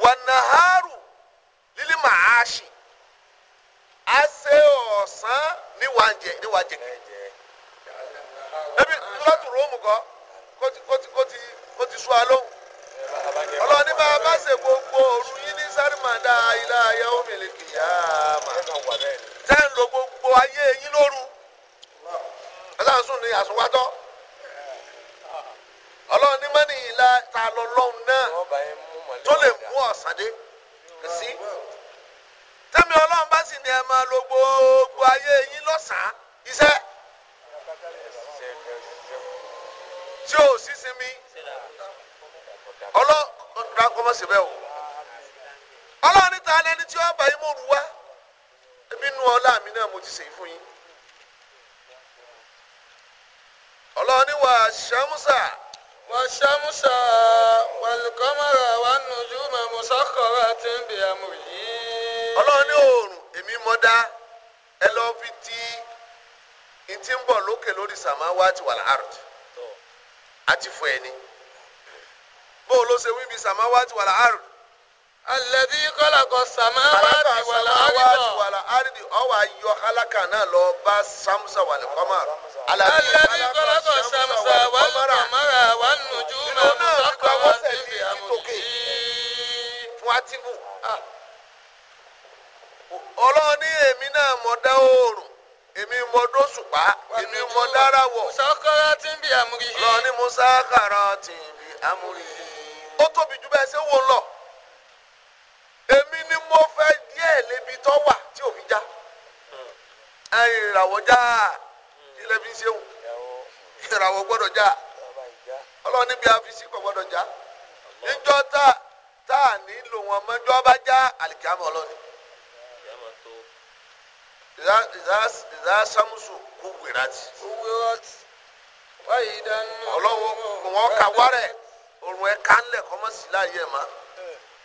wànàhárù lílí màáṣì á ṣe ọ̀sán níwájẹ níwájẹ kiri ebi lọ́tù róòmù kọ́ kó ti kó ti kó bá a bá gbogbo tẹ́ ń lo gbogbo ayé yín lóru ẹ̀sán sùn ní àsùnwájọ́ ọlọ́run ní mọ́nì ìlà ta lọ lọ́hùn náà tó lè mú ọ̀sán sí tẹ́mi ọlọ́run bá sì ní ẹ máa lo gbogbo ayé yín lọ́sàn-án iṣẹ́ tí o sì sinmi ọlọ́run kọ́mọ́sí bẹ́ẹ̀ o ọlọ́run níta lẹ́ni tí ó bá yín mọ̀rù wá. ọlá mi náà mo ti ṣe fún yín ọlọ́run ní wà ṣàmùsà. wà ṣàmùsà wàlùkọ́mọ̀rà wà nùjú mọ̀mú sọ́kọ̀rọ̀ tí ń bì àmú yìí. Ọlọ́ọ̀ni ní oòrùn èmi mọ́ ẹ lọ́ọ́ fi ti n ti ń bọ̀ lókè lórí sàmáwá ti wà láàrùtì àti fún ẹni bó o ló ṣe wí bí sàmáwá ti wà láàrùtì. alẹ́bí kọ́lá kan sàmá wàdí wàlá àrídọ̀. wàlá àrídì ọwọ́ ayọ halaka náà lọ bá samusa wàlẹ̀ kọ́mar. alẹ́bí kọ́lá kan samusa wàlẹ̀ kọ́mara wà nùjú náà mùsàkà wà síbi àmùjí. fún atibu ah. ọlọ́run ní èmi náà mọ̀ dá oòrùn èmi mọ dóṣùpá èmi mọ dárawọ̀. musakara ti ń bi amúrí. lọ ní musakara ti ń bi amúrí. ó tóbi jù bẹ́ẹ̀ ṣé wọ́n lọ èmi ni mo fẹ́ díẹ̀ lébi tó wà tí ò fi já ẹ̀yìn ìràwọ̀ já ilé fi ń ṣe wù ìràwọ̀ gbọ́dọ̀ já ọlọ́run níbi àfisí kò gbọ́dọ̀ já níjọ́ tá tá a nílò wọn mọ́jọ́ bá já àlìkàmọ́ ọlọ́run ìdá samusu kò wírat. ọlọ́wọ́ wọn kà wárẹ̀ òrùn ẹ̀ kánlẹ̀ kọ́mọ́sí láàyè ẹ̀ máa.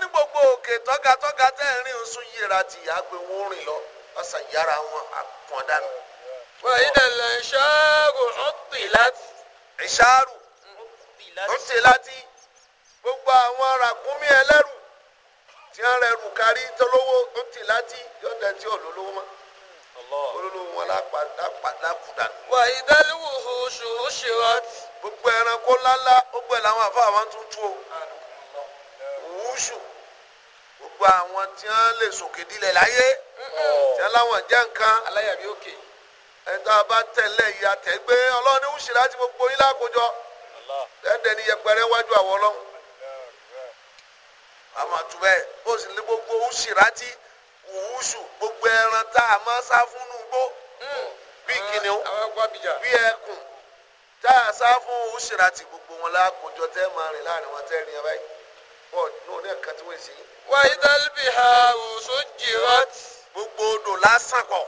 ní gbogbo òkè tọ́gatọ́ga tẹ́ ń rìn oṣù yíra ti yá pé wọ́n rìn lọ ọ̀sán yára wọn àpọ̀n dànù. wà á yí dàn lẹ́ ṣáàrù ọ̀tì láti. ìṣàrù ọ̀tì láti gbogbo àwọn arákùnmí ẹlẹ́rù tí wọ́n rẹ̀ rù kárí tọ́lọ́wọ́ ọ̀tì láti yóò dẹ̀ tí ò mọ́ olólùwò wọn lákùdà. wà ìdálẹ́wò oṣù oṣèwà. gbogbo ẹranko lálá gbogbo ẹ̀ làwọn àfa àwọn tuntun o. wúṣù gbogbo àwọn tí wọ́n lè sòkè dilẹ̀ láyé tí wọ́n láwọn jẹ́ nǹkan ẹ̀dá bá tẹ̀lé ìyá tẹ̀gbé ọlọ́run ní wùsì láti gbogbo yín lákòjọ ẹ̀dẹ̀ ni yẹpẹrẹ wájú àwọn ọlọ́run àmọ́ àtúbẹ̀ ó sì lé gbogbo wùsì láti wùsù gbogbo ẹran tá a máa sá fún nùgbò mm. bí kìnìún ah, bí ẹkùn tá a sá fún wùsì láti gbogbo wọn lákòjọ tẹ́ máa rìn láàrin wọn tẹ́ rìn yẹn báyìí wọn ní oní ẹ̀ka tí wọ́n ṣe. wà idal biharu sujjirat. gbogbo odò lásán pọ̀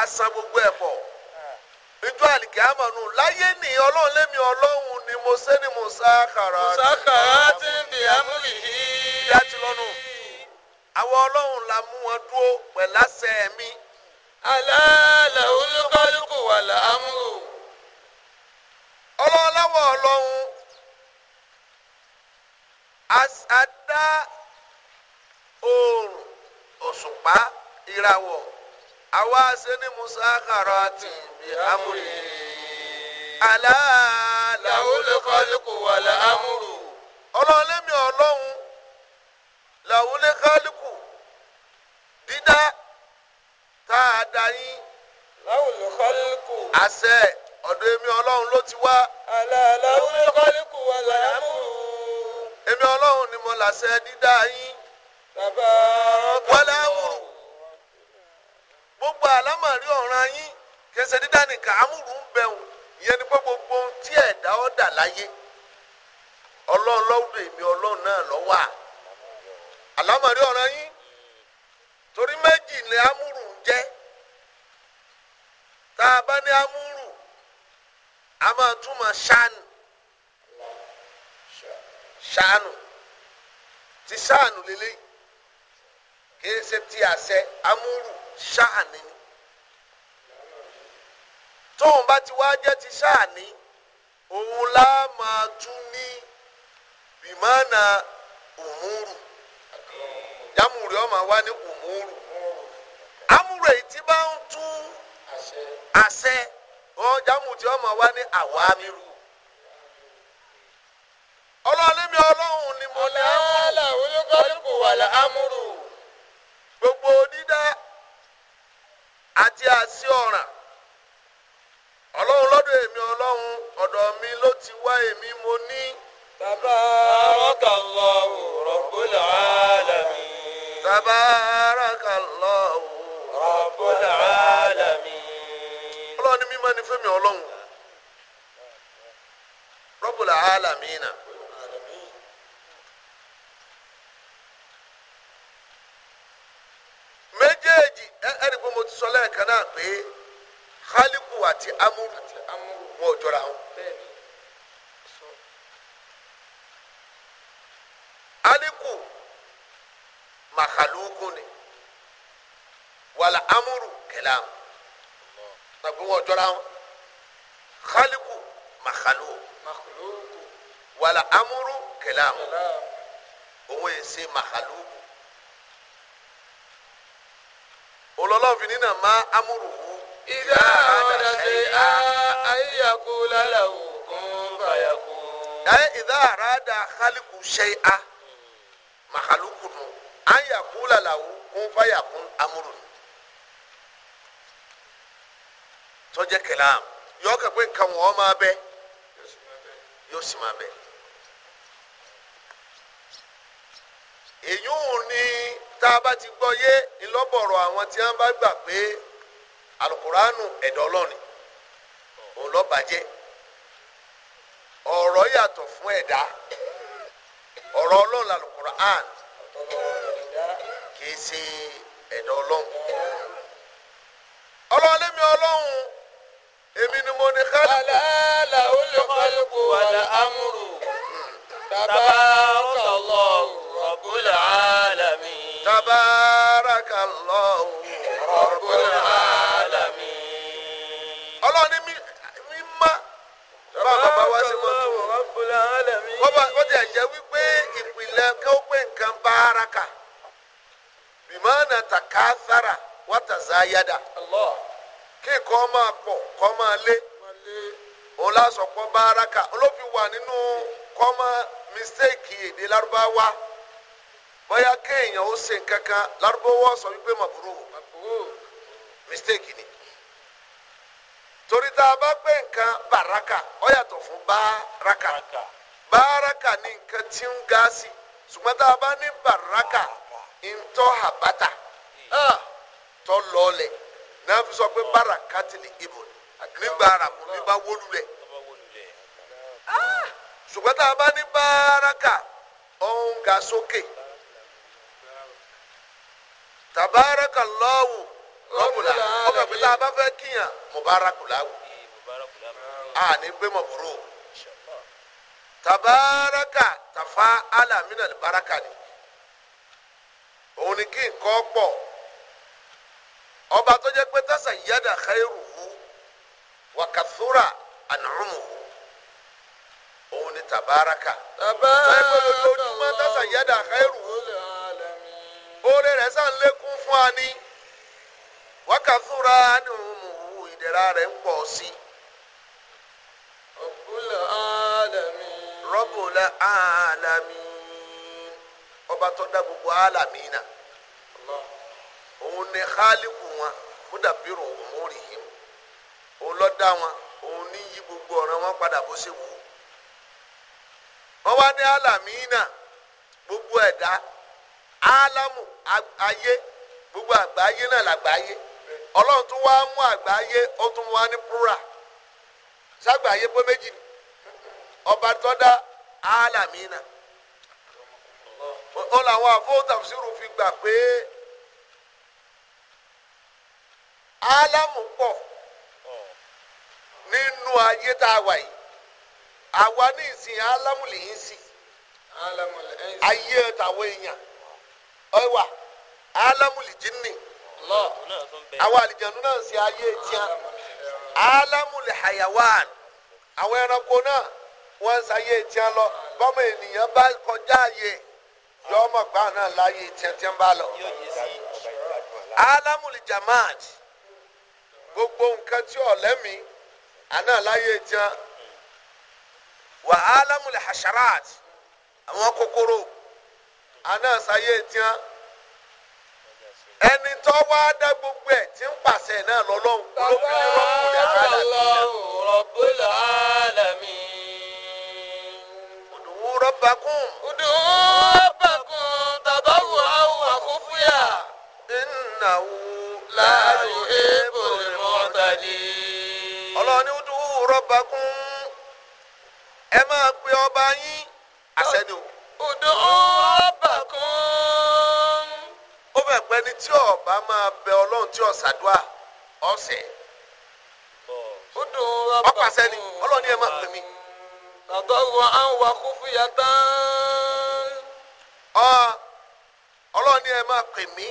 asan gbogbo ẹ̀ pọ̀ níjọ́ àlìkè àmọ̀nù láyé ní ọlọ́run lémi ọlọ́run ni mo ṣe ni mo sáàkàrà. sáàkàrà ti ń bì ámúrì yìí. dájú lọ́nù àwọn ọlọ́run la mú wọn dúró pẹ̀láṣẹ mi. aláàlá olúkálùkù wà láàmúrò. ọlọ́ọ̀láwọ̀ ọlọ́run àdá oòrùn òṣùpá ìràwọ̀ àwa ṣe ní musa karati bí amúri àlá làwọn olùkọ́lùkù wà lá amúrù. ọlọ́ọ̀lẹ́mi ọlọ́run làwọn olùkọ́lùkù dídá tá a dá yín. làwọn olùkọ́lùkù. àṣẹ ọ̀dọ̀ èmi ọlọ́run ló ti wá. àlá làwọn olùkọ́lùkù wà lá èmi ọlọ́run ni mo làṣẹ dídá yín wọlé amúrù gbogbo àlámọ̀rí ọ̀ràn yín kẹsẹ̀ dídá nìkan amúrù ń bẹ̀wò ìyẹn ni pé gbogbo ohun tí ẹ̀dá ọ̀dà láyé ọlọ́run lọ́wọ́ èmi ọlọ́run náà lọ́wọ́ à àlámọ̀rí ọ̀ràn yín torí méjì ni amúrù ń jẹ́ tá a bá ní amúrù a máa túmọ̀ ṣáàni. ṣàánù ti ṣàánù lélẹ́yìí kìí ṣe ti àṣẹ amúrù ṣàánì ni tóun bá ti wá jẹ ti ṣàánì òun lá máa tún ní bìmánà òmùrù yàmùrù ọmọ wa ní òmùrù amúrù èyí tí bá ń tún àṣẹ ọ yàmùrù tí ọmọ wa ní àwámírù. ọlọ́ọ̀ni mi ni mo ní wà láàmúrù. gbogbo dídá àti àṣì ọ̀ràn ọlọ́run lọ́dọ̀ èmi ọlọ́run ọ̀dọ̀ mi ló ti wá èmi mo ní. tabarakallahu rabbul alamin. tabarakallahu rabbul mímọ́ ni fẹ́mi pé khaliku àti amuru ti amuru wọn ò jọra wọn. aliku makhaluku ni wàlà amuru kẹlẹ àwọn tàbí wọn jọra wọn khaliku makhaluku wàlà amuru kẹlẹ òun yìí ṣe makhaluku. òun lọ́lọ́run fi nínà má amúrùkú. ìdá àwọn ọ̀dà ṣe àyíyàkú lálàó kún fàyàkú. ẹ ìdá àràádà kálíkù ṣe a màkàlùkù nù àyàkú lálàó kún fàyàkú amúrùkú. sọjẹ kẹlẹm yọọ kẹ pé nǹkan wọn máa bẹ yóò sì máa bẹ èyí ò ní tá a bá ti gbọ́ yé ńlọ́bọ̀rọ̀ àwọn tí wọ́n bá gbà pé alukuraanu ẹ̀dọ̀ ọlọ́ni òun ló bàjẹ́ ọ̀rọ̀ yàtọ̀ fún ẹ̀dá ọ̀rọ̀ ọlọ́run làlùkuraan kì í ṣe ẹ̀dọ̀ ọlọ́run ọlọ́run lẹ́mi ọlọ́run èmi ni mo ní kálí. aláàlá ó lè kálukú wàlá amúrù tàbá ọ̀tọ̀ lọ rọ̀bùlà tabarakallahu rabbul alamin. ọlọ́ni mi mímọ́ tọ́lá bàbá wá sí mọ́tò wọ́n ti ẹ̀jẹ̀ wípé ìpìlẹ̀ kó pé nǹkan báraka bìmọ́nà takathara wàtàzáyàdà kí nǹkan máa pọ̀ kọ́ máa lé òun lásọ̀pọ̀ báraka olófin wà nínú kọ́ máa mistake èdè lárúbáwá bóyá kéèyàn ó ṣe nǹkan kan lárúbáwá sọ wípé màbúrò mistake ni torí tá a bá pé nǹkan baraka ó yàtọ̀ fún baraka baraka ni nǹkan tí ń ga sí ṣùgbọ́n tá a bá ní baraka ń tọ́ àbáta hmm. ah, tọ́ lọ́ọ̀lẹ̀ náà fi sọ pé hmm. baraka ti lè ibò nígbà arabu mi bá wólu lẹ̀ ah! ṣùgbọ́n tá a bá ní baraka ó ń ga sókè. So tabarakallahu rọ́bùlà ọmọ ìpín tá a bá fẹ́ kíyàn mubarakulawu àní gbé mọ̀bùrú tabaraka tafa alamina baraka ni òun ni kí nǹkan pọ̀ ọba tó jẹ́ pé tẹ̀sán yíyáda khairuhu wakathura an'umuhu òun ni tabaraka. tabaraka lójoojúmọ́ tẹ̀sán yíyáda oore rẹ̀ sàn lékún fún wa ní wákàtúrà ni òun ìdẹ̀ra rẹ̀ ń pọ̀ sí. Rabbul alamin. Rabbul ọba tó dá gbogbo alamina. òun ni khaliku wọn mudabiru umurihim òun lọ dá wọn òun ní yí gbogbo ọ̀ràn wọn padà bó ṣe wù wọ́n wá ní alamina gbogbo ẹ̀dá. álámù ayé gbogbo àgbáyé náà làgbáyé ọlọ́run tún wá mú àgbáyé ó tún wá ní púrà ságbáyé pé méjì ni ọba tọ́dá alamina náà ó làwọn àfọwọ́tàfsírù fi gbà pé alamu pọ̀ nínú ayé tá a wà yìí àwa ní ìsìn álámù lè ń sìn ayé tàwọn èèyàn. ọ̀wà alámùlìjínì àwọn àlìjànú náà ṣe ayé tiẹ̀ alámùlìhàyàwán àwọn ẹranko náà wọ́n ń ṣayé tiẹ̀ lọ bọ́mọ ènìyàn bá kọjá àyè yọ ọmọ gbà náà láyé tiẹ̀ tiẹ̀ bá lọ. alámùlìjàmáàt gbogbo nǹkan tí ọ̀lẹ́mì àná láyé tiẹ̀ wà alámùlìhàṣàràt àwọn kòkòrò àná ṣayé tiẹ̀. ẹni tó wá dá gbogbo ẹ tí ń pàṣẹ náà lọ́lọ́run olóògbé ní rọ́pù yàrá Rabbul alamin. Ud'u rabbakum. Ud'u rabbakum tadarru'an wa khufya. Innahu ẹ máa pe ọba yín àṣẹ ni o. túmọ̀ pé ní tí ọba máa bẹ ọlọ́run tí ọ̀sàdúà ọ̀sẹ̀ ọ̀pàṣẹ ni ọlọ́run ni ẹ máa pè mí. tàtọ́rọ àwọn akófìyà tán. ọlọ́run ni ẹ máa pè mí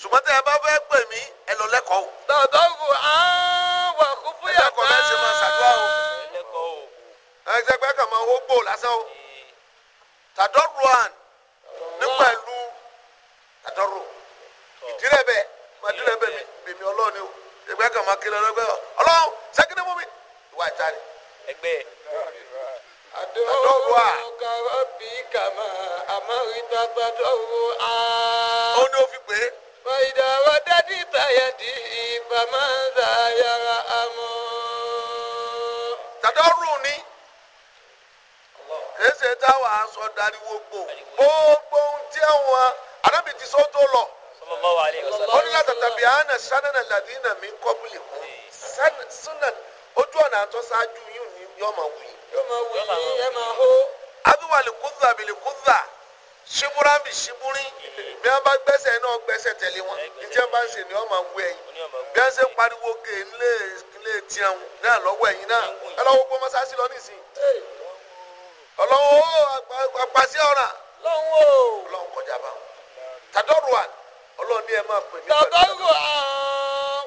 ṣùgbọ́n tẹ́ ẹ bá fẹ́ pè mí ẹ lọ lẹ́kọ̀ọ́. tàtọ́rọ àwọn akófìyà tán. ẹ̀dẹ́kọ̀ọ́ bẹ́ẹ̀ ṣe máa ṣàdúrà o. ẹ̀dẹ́kọ̀ọ́ kan máa wó gbò lásán o. tàdọ́rọ̀ àn ní pẹ̀lú àtọrò ìdílé bẹ máa dílé mi bèmí ni o ẹgbẹ́ kan máa kiri ọlọ́gbẹ́ ọlọ́run sẹ́kìnnì mú mi ìwà ìta ni. ẹgbẹ́ àdóòwà kàrọ́bì kàmá àmọ́rìtà tàdóòwò á. ó ní ó fi pé. fàyídà wa dádì tàyàdì ìbámá dàyàrá àmọ́. tàdọ́rù ni táwa sọ gbogbo arábì ti sọ tó lọ ó ní sanana ladina mi kọ́bùlì kù sunan ojú ọ̀nà àtọ́ ṣáájú yìí ni yóò máa wuyi yóò máa wù yìí máa hó. abiwali kúzà bìlì kúzà ṣibúra bì ṣibúrin bí wọn bá náà wọn bá ń ni wọn máa wú ẹ̀yin bí wọn ṣe pariwo gè nílé nílé tiẹun náà tàdọ́rùwà ọlọ́run ní ẹ máa pè mí. tàdọ́rùwà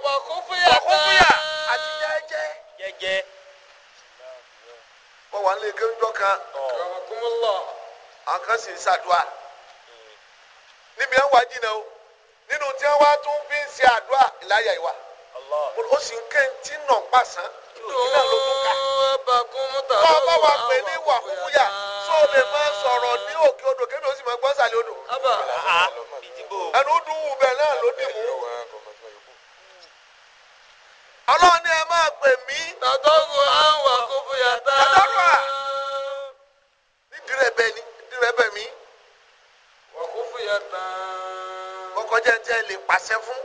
wà kún fúyà náà. wà kún fúyà àti jẹ́jẹ́. jẹ́jẹ́. wọ́n wà nílé kéńjọ́ kan. kàwákùnmọ́lọ́. àwọn sì ń ṣàdúrà. níbi àwọn wájú náà o nínú tí wọ́n wá tún fi ń ṣe àdúrà ìláyà ìwà. ó sì ń kéńtì náà pàṣán. tó o bá kún mú tàdọ́rùwà. kọ́ ọ bá wa pè ní wà kún fúyà. tó lè máa sọ̀rọ̀ ní òkè odò kébì ó sì máa gbọ́n sàlẹ̀ odò. ẹnu dùn ún náà ló dì mú. ọlọ́run ni ẹ máa pè mí. tàdọ́rù àwọn àkókò yàtá. tàdọ́rù ni mi. àkókò yàtá. kọ́kọ́ jẹ́ lè pàṣẹ fún.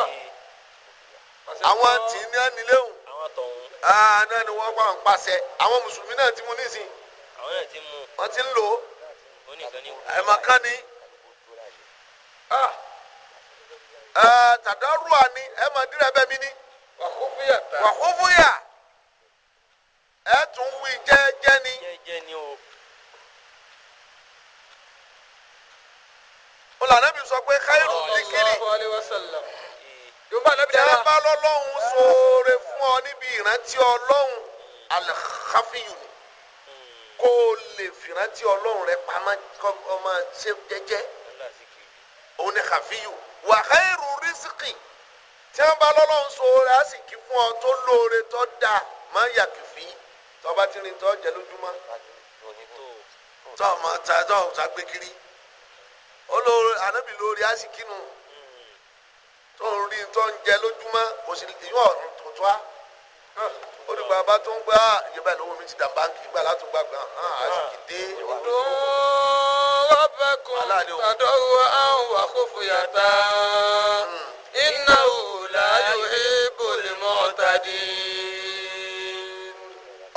Ah. àwọn tì ní ẹni léwu. àwọn ah, náà ni wọ́n wà ń pàṣẹ àwọn mùsùlùmí náà ti àwọn náà ti mú. wọ́n ti ń lò ó. ó nìkan ní. ẹ̀mọ kan ni. Ah. Eh, tàdárùà ni ẹ máa dírẹ̀ bẹ́ẹ̀ mi ni. wàhúfúyà ta. wàhúfúyà ẹ tún wí jẹ́ẹ́jẹ́ ni. jẹ́ẹ́jẹ́ ni o. olùlànà mi sọ pé káyọ̀rù zikiri tẹ́ bá lọ́lọ́hún ṣoore fún ọ níbi ìrántí ọlọ́hún alẹ́ káfíyù kó o lè fìrántí ọlọ́run rẹ pamọ́ ọmọ ṣe jẹ́jẹ́ òun ni kàfíyù wa khairu rísíkì tí wọ́n bá lọ́lọ́run so rásìkì fún ọ tó lóore tó dà má yà kìfì tó bá ti rìn tó jẹ lójúmọ́ tó ọmọ ta tó ọ̀tá gbé kiri olóore ànábì lóore rásìkì nù tó ń rí tó ń jẹ lójúmọ́ òsì ìyún ọ̀run tó tó a olùgbà bá tó ń gbà ìjọba ìlú omi ti dà báńkì gbà látò gbà gan an àsìkò dé. ìdùnnú rọ́bẹ̀ kan tàdọ́rọ̀ àwọn àkófò hmm. iná òòlà yóò hé bòlè mọ́ ọ̀tá dé.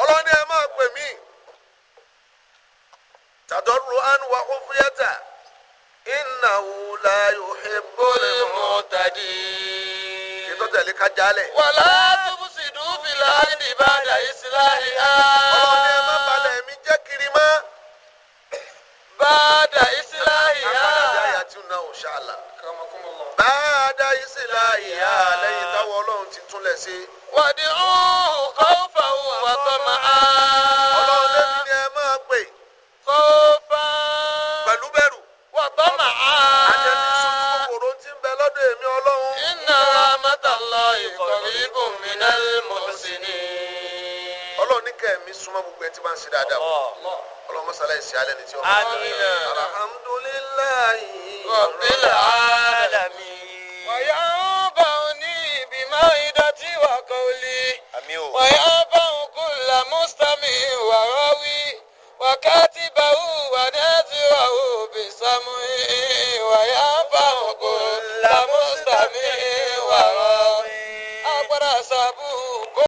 ọlọ́ni ẹ máa pè mí tàdọ́rọ̀ àwọn àkófò yàtá iná òòlà yóò hé bòlè mọ́ ọ̀tá dé. ètò tẹ̀lé ká jálẹ̀. wàlá. العين بعد إصلاحها ọlọ́run ẹ má balẹ̀ mi jẹ́ kiri mọ́. بعد إصلاحها agbada bí àyà tí ń náà ò ṣàlà. بعد إصلاحها lẹ́yìn táwọn ọlọ́run ti túnlẹ̀ sí. وادعوه ni ẹ má. ẹ̀mí súnmọ́ gbogbo ẹ̀ tí bá ń ṣe dáadáa ọlọmọsálá ẹ̀sìn alẹ́ ní tí ọmọ náà alhamdulillahi rabbil alamin. wàyà bá òun ní ìbímọ ìdọ̀tí wà kọ́ọ̀lì wàyà ń bá òun kúlà mùsùlùmí wà rọ́wí wákàtí bàwù wà nẹ́ẹ̀tì wà ó bìsàmù wàyà.